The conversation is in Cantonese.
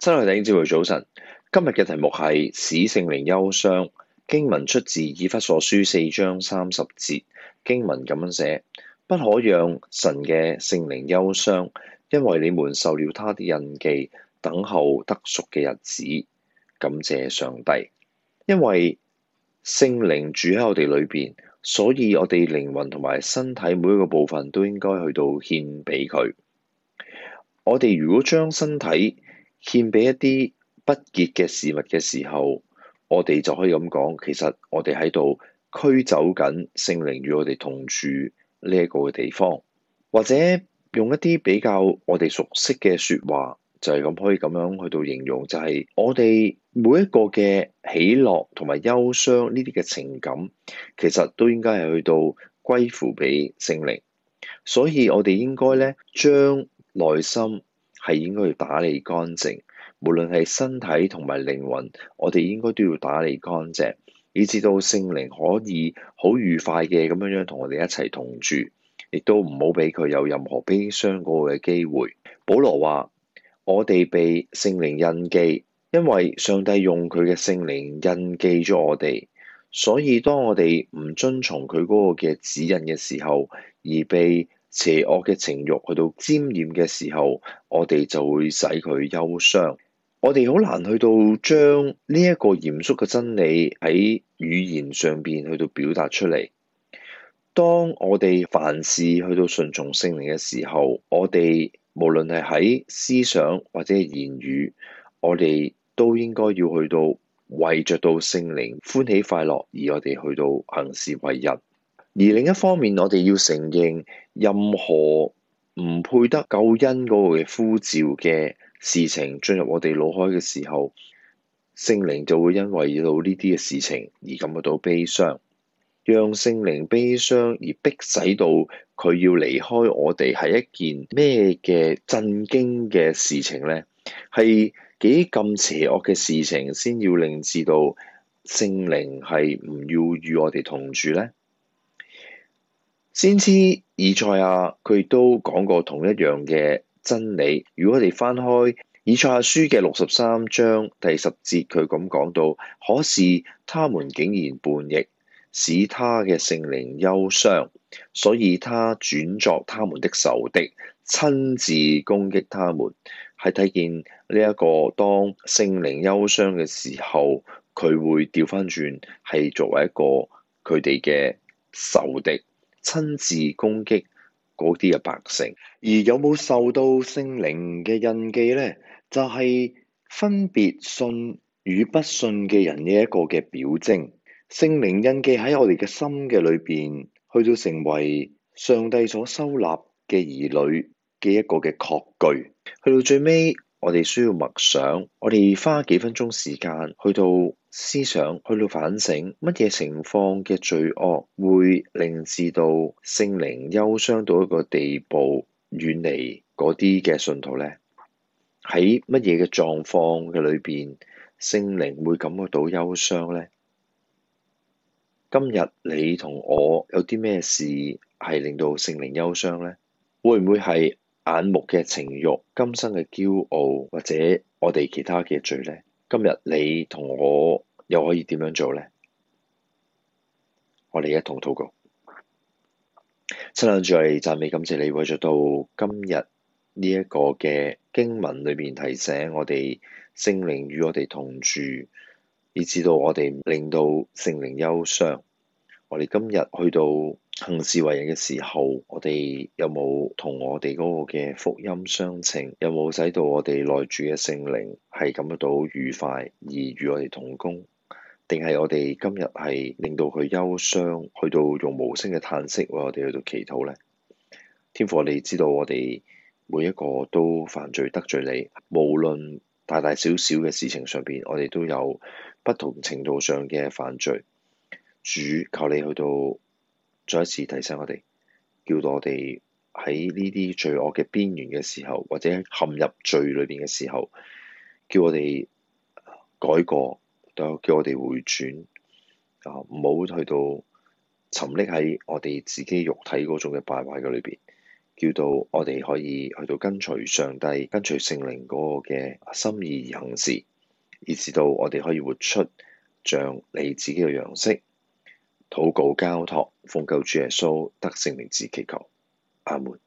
親愛弟兄姊妹，早晨。今日嘅題目係使聖靈憂傷，經文出自以弗所書四章三十節，經文咁樣寫，不可讓神嘅聖靈憂傷，因為你們受了祂嘅印記，等候得贖嘅日子。感謝上帝，因為聖靈住喺我哋裏邊，所以我哋靈魂同埋身體每一個部分都應該去到獻俾佢。我哋如果將身體，獻俾一啲不潔嘅事物嘅時候，我哋就可以咁講，其實我哋喺度驅走緊聖靈與我哋同住呢一個嘅地方，或者用一啲比較我哋熟悉嘅説話，就係咁可以咁樣去到形容，就係我哋每一個嘅喜樂同埋憂傷呢啲嘅情感，其實都應該係去到歸附俾聖靈，所以我哋應該咧將內心。係應該要打理乾淨，無論係身體同埋靈魂，我哋應該都要打理乾淨，以至到聖靈可以好愉快嘅咁樣樣同我哋一齊同住，亦都唔好俾佢有任何悲傷過嘅機會。保羅話：我哋被聖靈印記，因為上帝用佢嘅聖靈印記咗我哋，所以當我哋唔遵從佢嗰個嘅指引嘅時候，而被。邪惡嘅情慾去到沾染嘅時候，我哋就會使佢憂傷。我哋好難去到將呢一個嚴肅嘅真理喺語言上邊去到表達出嚟。當我哋凡事去到順從聖靈嘅時候，我哋無論係喺思想或者言語，我哋都應該要去到為着到聖靈歡喜快樂，而我哋去到行事為人。而另一方面，我哋要承認，任何唔配得救恩嗰個嘅呼召嘅事情進入我哋腦海嘅時候，聖靈就會因為到呢啲嘅事情而感覺到悲傷，讓聖靈悲傷而逼使到佢要離開我哋係一件咩嘅震驚嘅事情呢？係幾咁邪惡嘅事情先要令至到聖靈係唔要與我哋同住呢？先知以賽亞佢都講過同一樣嘅真理。如果我哋翻開以賽亞書嘅六十三章第十節，佢咁講到：「可是他們竟然叛逆，使他嘅聖靈憂傷，所以他轉作他們的仇敵，親自攻擊他們。係睇見呢一個當聖靈憂傷嘅時候，佢會掉返轉，係作為一個佢哋嘅仇敵。親自攻擊嗰啲嘅百姓，而有冇受到聖靈嘅印記咧？就係、是、分別信與不信嘅人嘅一個嘅表徵。聖靈印記喺我哋嘅心嘅裏邊，去到成為上帝所收納嘅兒女嘅一個嘅確據，去到最尾。我哋需要默想，我哋花幾分鐘時間去到思想，去到反省，乜嘢情況嘅罪惡會令至到聖靈憂傷到一個地步，遠離嗰啲嘅信徒呢？喺乜嘢嘅狀況嘅裏邊，聖靈會感覺到憂傷呢？今日你同我有啲咩事係令到聖靈憂傷呢？會唔會係？眼目嘅情慾、今生嘅驕傲，或者我哋其他嘅罪呢？今日你同我又可以點樣做呢？我哋一同禱告。親愛主啊，讚美感謝你，為咗到今日呢一個嘅經文裏面提醒我哋，聖靈與我哋同住，以至到我哋令到聖靈憂傷。我哋今日去到行事為人嘅時候，我哋有冇同我哋嗰個嘅福音相稱？有冇使到我哋內住嘅聖靈係感到愉快而與我哋同工？定係我哋今日係令到佢憂傷，去到用無聲嘅嘆息為我哋去到祈禱呢？天父，你知道我哋每一個都犯罪得罪你，無論大大小小嘅事情上邊，我哋都有不同程度上嘅犯罪。主靠你去到再一次提醒我哋，叫到我哋喺呢啲罪惡嘅邊緣嘅時候，或者陷入罪裏邊嘅時候，叫我哋改過，都叫我哋回轉啊！唔好去到沉溺喺我哋自己肉體嗰種嘅敗壞嘅裏邊，叫到我哋可以去到跟隨上帝、跟隨聖靈嗰個嘅心意而行事，以至到我哋可以活出像你自己嘅樣式。禱告交託，奉救主耶穌得勝名字祈求，阿門。